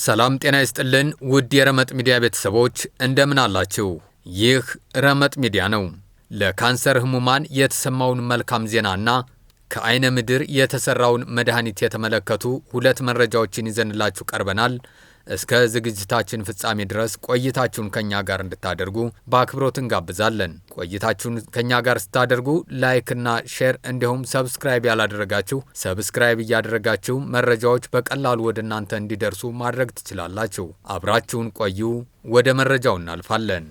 ሰላም ጤና ይስጥልን ውድ የረመጥ ሚዲያ ቤተሰቦች እንደምን አላችሁ? ይህ ረመጥ ሚዲያ ነው። ለካንሰር ህሙማን የተሰማውን መልካም ዜናና ከአይነ ምድር የተሰራውን መድኃኒት የተመለከቱ ሁለት መረጃዎችን ይዘንላችሁ ቀርበናል። እስከ ዝግጅታችን ፍጻሜ ድረስ ቆይታችሁን ከኛ ጋር እንድታደርጉ በአክብሮት እንጋብዛለን። ቆይታችሁን ከኛ ጋር ስታደርጉ ላይክና ሼር እንዲሁም ሰብስክራይብ ያላደረጋችሁ ሰብስክራይብ እያደረጋችሁ መረጃዎች በቀላሉ ወደ እናንተ እንዲደርሱ ማድረግ ትችላላችሁ። አብራችሁን ቆዩ። ወደ መረጃው እናልፋለን።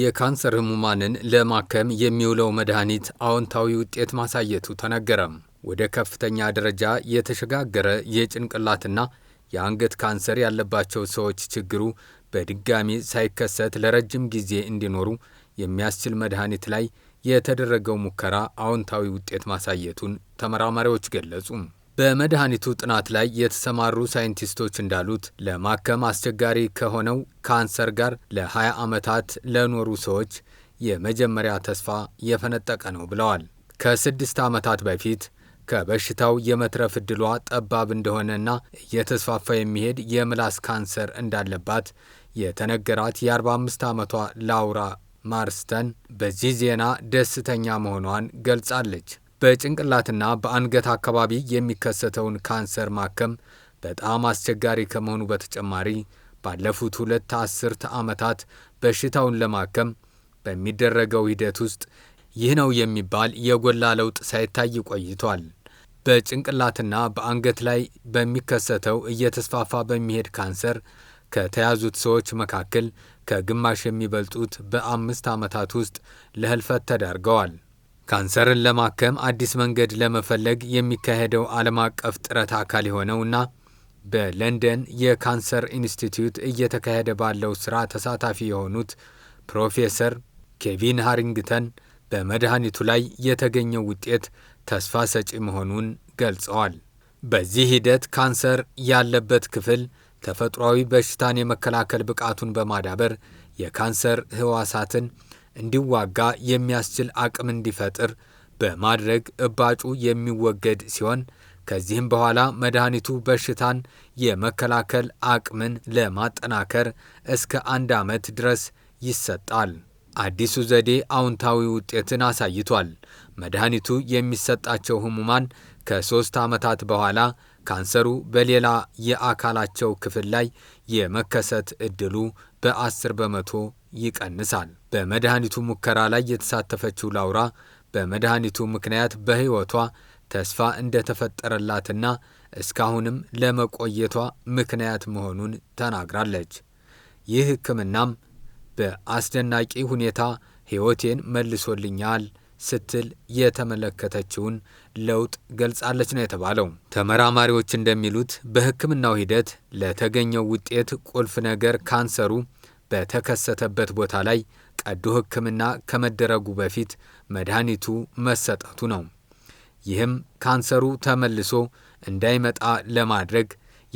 የካንሰር ህሙማንን ለማከም የሚውለው መድኃኒት አዎንታዊ ውጤት ማሳየቱ ተነገረም። ወደ ከፍተኛ ደረጃ የተሸጋገረ የጭንቅላትና የአንገት ካንሰር ያለባቸው ሰዎች ችግሩ በድጋሚ ሳይከሰት ለረጅም ጊዜ እንዲኖሩ የሚያስችል መድኃኒት ላይ የተደረገው ሙከራ አዎንታዊ ውጤት ማሳየቱን ተመራማሪዎች ገለጹ። በመድኃኒቱ ጥናት ላይ የተሰማሩ ሳይንቲስቶች እንዳሉት ለማከም አስቸጋሪ ከሆነው ካንሰር ጋር ለ20 ዓመታት ለኖሩ ሰዎች የመጀመሪያ ተስፋ የፈነጠቀ ነው ብለዋል። ከስድስት ዓመታት በፊት ከበሽታው የመትረፍ እድሏ ጠባብ እንደሆነና እየተስፋፋ የሚሄድ የምላስ ካንሰር እንዳለባት የተነገራት የ45 ዓመቷ ላውራ ማርስተን በዚህ ዜና ደስተኛ መሆኗን ገልጻለች። በጭንቅላትና በአንገት አካባቢ የሚከሰተውን ካንሰር ማከም በጣም አስቸጋሪ ከመሆኑ በተጨማሪ ባለፉት ሁለት አስርተ ዓመታት በሽታውን ለማከም በሚደረገው ሂደት ውስጥ ይህ ነው የሚባል የጎላ ለውጥ ሳይታይ ቆይቷል። በጭንቅላትና በአንገት ላይ በሚከሰተው እየተስፋፋ በሚሄድ ካንሰር ከተያዙት ሰዎች መካከል ከግማሽ የሚበልጡት በአምስት ዓመታት ውስጥ ለህልፈት ተዳርገዋል። ካንሰርን ለማከም አዲስ መንገድ ለመፈለግ የሚካሄደው ዓለም አቀፍ ጥረት አካል የሆነውና በለንደን የካንሰር ኢንስቲትዩት እየተካሄደ ባለው ሥራ ተሳታፊ የሆኑት ፕሮፌሰር ኬቪን ሃሪንግተን በመድኃኒቱ ላይ የተገኘው ውጤት ተስፋ ሰጪ መሆኑን ገልጸዋል። በዚህ ሂደት ካንሰር ያለበት ክፍል ተፈጥሯዊ በሽታን የመከላከል ብቃቱን በማዳበር የካንሰር ህዋሳትን እንዲዋጋ የሚያስችል አቅም እንዲፈጥር በማድረግ እባጩ የሚወገድ ሲሆን ከዚህም በኋላ መድኃኒቱ በሽታን የመከላከል አቅምን ለማጠናከር እስከ አንድ ዓመት ድረስ ይሰጣል። አዲሱ ዘዴ አዎንታዊ ውጤትን አሳይቷል። መድኃኒቱ የሚሰጣቸው ህሙማን ከሦስት ዓመታት በኋላ ካንሰሩ በሌላ የአካላቸው ክፍል ላይ የመከሰት ዕድሉ በአስር በመቶ ይቀንሳል። በመድኃኒቱ ሙከራ ላይ የተሳተፈችው ላውራ በመድኃኒቱ ምክንያት በሕይወቷ ተስፋ እንደተፈጠረላትና እስካሁንም ለመቆየቷ ምክንያት መሆኑን ተናግራለች። ይህ ሕክምናም በአስደናቂ ሁኔታ ሕይወቴን መልሶልኛል ስትል የተመለከተችውን ለውጥ ገልጻለች ነው የተባለው። ተመራማሪዎች እንደሚሉት በሕክምናው ሂደት ለተገኘው ውጤት ቁልፍ ነገር ካንሰሩ በተከሰተበት ቦታ ላይ ቀዶ ሕክምና ከመደረጉ በፊት መድኃኒቱ መሰጠቱ ነው። ይህም ካንሰሩ ተመልሶ እንዳይመጣ ለማድረግ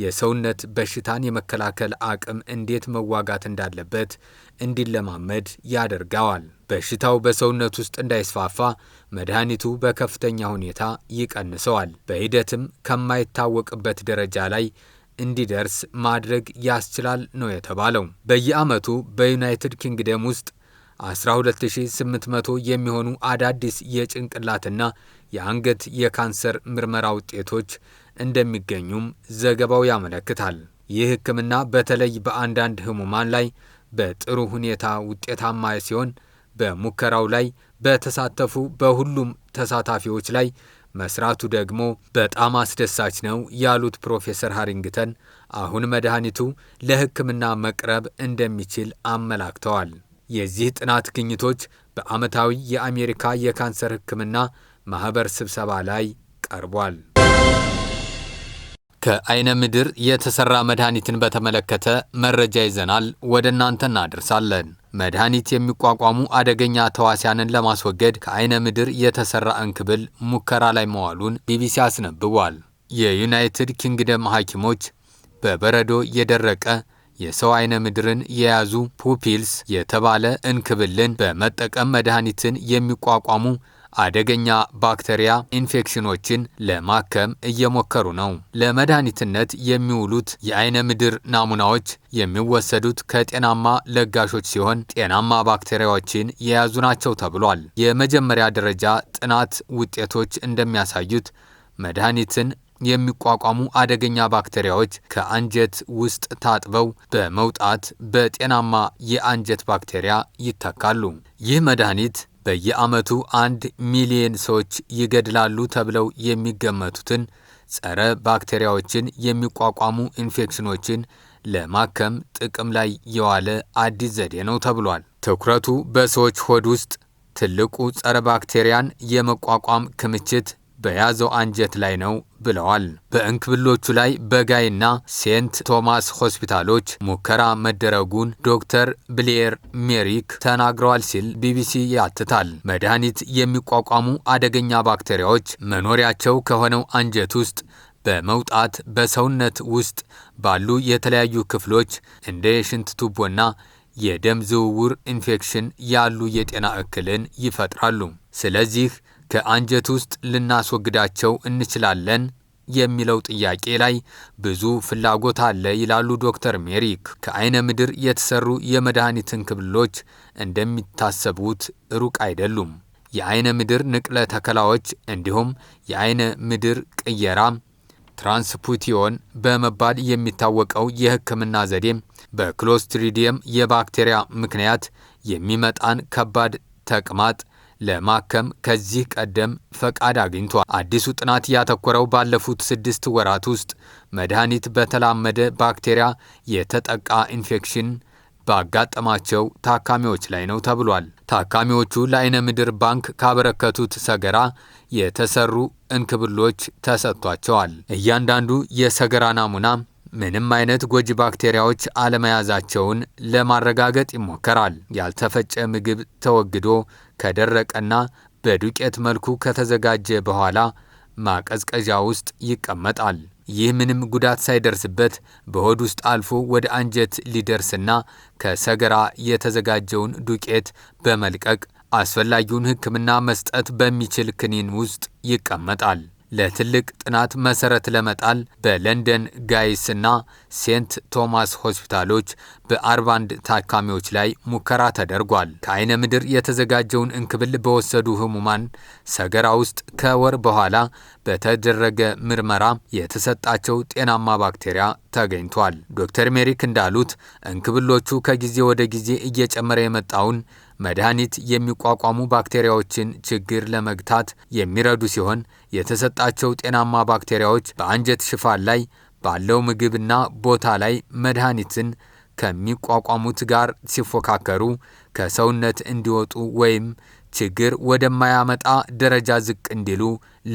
የሰውነት በሽታን የመከላከል አቅም እንዴት መዋጋት እንዳለበት እንዲለማመድ ያደርገዋል። በሽታው በሰውነት ውስጥ እንዳይስፋፋ መድኃኒቱ በከፍተኛ ሁኔታ ይቀንሰዋል። በሂደትም ከማይታወቅበት ደረጃ ላይ እንዲደርስ ማድረግ ያስችላል ነው የተባለው። በየዓመቱ በዩናይትድ ኪንግደም ውስጥ 12800 የሚሆኑ አዳዲስ የጭንቅላትና የአንገት የካንሰር ምርመራ ውጤቶች እንደሚገኙም ዘገባው ያመለክታል። ይህ ሕክምና በተለይ በአንዳንድ ህሙማን ላይ በጥሩ ሁኔታ ውጤታማ ሲሆን በሙከራው ላይ በተሳተፉ በሁሉም ተሳታፊዎች ላይ መስራቱ ደግሞ በጣም አስደሳች ነው ያሉት ፕሮፌሰር ሃሪንግተን አሁን መድኃኒቱ ለሕክምና መቅረብ እንደሚችል አመላክተዋል። የዚህ ጥናት ግኝቶች በዓመታዊ የአሜሪካ የካንሰር ሕክምና ማኅበር ስብሰባ ላይ ቀርቧል። ከአይነ ምድር የተሰራ መድኃኒትን በተመለከተ መረጃ ይዘናል፣ ወደ እናንተ እናደርሳለን። መድኃኒት የሚቋቋሙ አደገኛ ተዋሲያንን ለማስወገድ ከአይነ ምድር የተሰራ እንክብል ሙከራ ላይ መዋሉን ቢቢሲ አስነብቧል። የዩናይትድ ኪንግደም ሐኪሞች በበረዶ የደረቀ የሰው አይነ ምድርን የያዙ ፑፒልስ የተባለ እንክብልን በመጠቀም መድኃኒትን የሚቋቋሙ አደገኛ ባክቴሪያ ኢንፌክሽኖችን ለማከም እየሞከሩ ነው። ለመድኃኒትነት የሚውሉት የአይነ ምድር ናሙናዎች የሚወሰዱት ከጤናማ ለጋሾች ሲሆን ጤናማ ባክቴሪያዎችን የያዙ ናቸው ተብሏል። የመጀመሪያ ደረጃ ጥናት ውጤቶች እንደሚያሳዩት መድኃኒትን የሚቋቋሙ አደገኛ ባክቴሪያዎች ከአንጀት ውስጥ ታጥበው በመውጣት በጤናማ የአንጀት ባክቴሪያ ይተካሉ። ይህ መድኃኒት በየዓመቱ አንድ ሚሊየን ሰዎች ይገድላሉ ተብለው የሚገመቱትን ጸረ ባክቴሪያዎችን የሚቋቋሙ ኢንፌክሽኖችን ለማከም ጥቅም ላይ የዋለ አዲስ ዘዴ ነው ተብሏል። ትኩረቱ በሰዎች ሆድ ውስጥ ትልቁ ጸረ ባክቴሪያን የመቋቋም ክምችት በያዘው አንጀት ላይ ነው ብለዋል። በእንክብሎቹ ላይ በጋይና ሴንት ቶማስ ሆስፒታሎች ሙከራ መደረጉን ዶክተር ብሌር ሜሪክ ተናግረዋል ሲል ቢቢሲ ያትታል። መድኃኒት የሚቋቋሙ አደገኛ ባክቴሪያዎች መኖሪያቸው ከሆነው አንጀት ውስጥ በመውጣት በሰውነት ውስጥ ባሉ የተለያዩ ክፍሎች እንደ የሽንት ቱቦና የደም ዝውውር ኢንፌክሽን ያሉ የጤና እክልን ይፈጥራሉ። ስለዚህ ከአንጀት ውስጥ ልናስወግዳቸው እንችላለን የሚለው ጥያቄ ላይ ብዙ ፍላጎት አለ ይላሉ ዶክተር ሜሪክ። ከአይነ ምድር የተሰሩ የመድኃኒትን ክብሎች እንደሚታሰቡት ሩቅ አይደሉም። የአይነ ምድር ንቅለ ተከላዎች እንዲሁም የአይነ ምድር ቅየራ ትራንስፑቲዮን በመባል የሚታወቀው የሕክምና ዘዴ በክሎስትሪዲየም የባክቴሪያ ምክንያት የሚመጣን ከባድ ተቅማጥ ለማከም ከዚህ ቀደም ፈቃድ አግኝቷል። አዲሱ ጥናት ያተኮረው ባለፉት ስድስት ወራት ውስጥ መድኃኒት በተላመደ ባክቴሪያ የተጠቃ ኢንፌክሽን ባጋጠማቸው ታካሚዎች ላይ ነው ተብሏል። ታካሚዎቹ ለአይነ ምድር ባንክ ካበረከቱት ሰገራ የተሰሩ እንክብሎች ተሰጥቷቸዋል። እያንዳንዱ የሰገራ ናሙና ምንም አይነት ጎጂ ባክቴሪያዎች አለመያዛቸውን ለማረጋገጥ ይሞከራል። ያልተፈጨ ምግብ ተወግዶ ከደረቀና በዱቄት መልኩ ከተዘጋጀ በኋላ ማቀዝቀዣ ውስጥ ይቀመጣል። ይህ ምንም ጉዳት ሳይደርስበት በሆድ ውስጥ አልፎ ወደ አንጀት ሊደርስና ከሰገራ የተዘጋጀውን ዱቄት በመልቀቅ አስፈላጊውን ሕክምና መስጠት በሚችል ክኒን ውስጥ ይቀመጣል። ለትልቅ ጥናት መሰረት ለመጣል በለንደን ጋይስ ሴንት ቶማስ ሆስፒታሎች በ41 ታካሚዎች ላይ ሙከራ ተደርጓል። ከአይነ ምድር የተዘጋጀውን እንክብል በወሰዱ ህሙማን ሰገራ ውስጥ ከወር በኋላ በተደረገ ምርመራ የተሰጣቸው ጤናማ ባክቴሪያ ተገኝቷል። ዶክተር ሜሪክ እንዳሉት እንክብሎቹ ከጊዜ ወደ ጊዜ እየጨመረ የመጣውን መድኃኒት የሚቋቋሙ ባክቴሪያዎችን ችግር ለመግታት የሚረዱ ሲሆን የተሰጣቸው ጤናማ ባክቴሪያዎች በአንጀት ሽፋን ላይ ባለው ምግብና ቦታ ላይ መድኃኒትን ከሚቋቋሙት ጋር ሲፎካከሩ ከሰውነት እንዲወጡ ወይም ችግር ወደማያመጣ ደረጃ ዝቅ እንዲሉ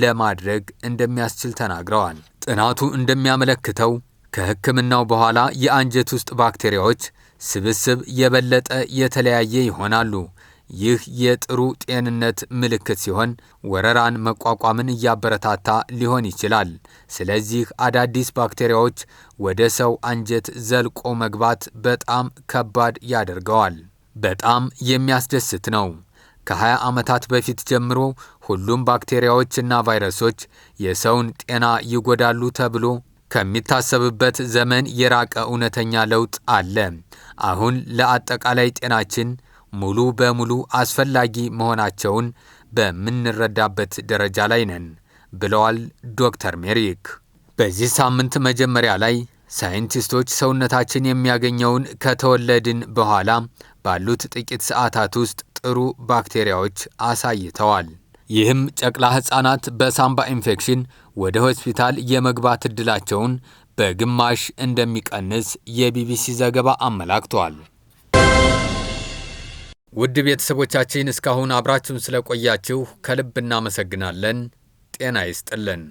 ለማድረግ እንደሚያስችል ተናግረዋል። ጥናቱ እንደሚያመለክተው ከሕክምናው በኋላ የአንጀት ውስጥ ባክቴሪያዎች ስብስብ የበለጠ የተለያየ ይሆናሉ። ይህ የጥሩ ጤንነት ምልክት ሲሆን ወረራን መቋቋምን እያበረታታ ሊሆን ይችላል። ስለዚህ አዳዲስ ባክቴሪያዎች ወደ ሰው አንጀት ዘልቆ መግባት በጣም ከባድ ያደርገዋል። በጣም የሚያስደስት ነው። ከ20 ዓመታት በፊት ጀምሮ ሁሉም ባክቴሪያዎችና ቫይረሶች የሰውን ጤና ይጎዳሉ ተብሎ ከሚታሰብበት ዘመን የራቀ እውነተኛ ለውጥ አለ። አሁን ለአጠቃላይ ጤናችን ሙሉ በሙሉ አስፈላጊ መሆናቸውን በምንረዳበት ደረጃ ላይ ነን ብለዋል ዶክተር ሜሪክ። በዚህ ሳምንት መጀመሪያ ላይ ሳይንቲስቶች ሰውነታችን የሚያገኘውን ከተወለድን በኋላ ባሉት ጥቂት ሰዓታት ውስጥ ጥሩ ባክቴሪያዎች አሳይተዋል። ይህም ጨቅላ ሕፃናት በሳምባ ኢንፌክሽን ወደ ሆስፒታል የመግባት ዕድላቸውን በግማሽ እንደሚቀንስ የቢቢሲ ዘገባ አመላክቷል። ውድ ቤተሰቦቻችን እስካሁን አብራችሁን ስለቆያችሁ ከልብ እናመሰግናለን። ጤና ይስጥልን።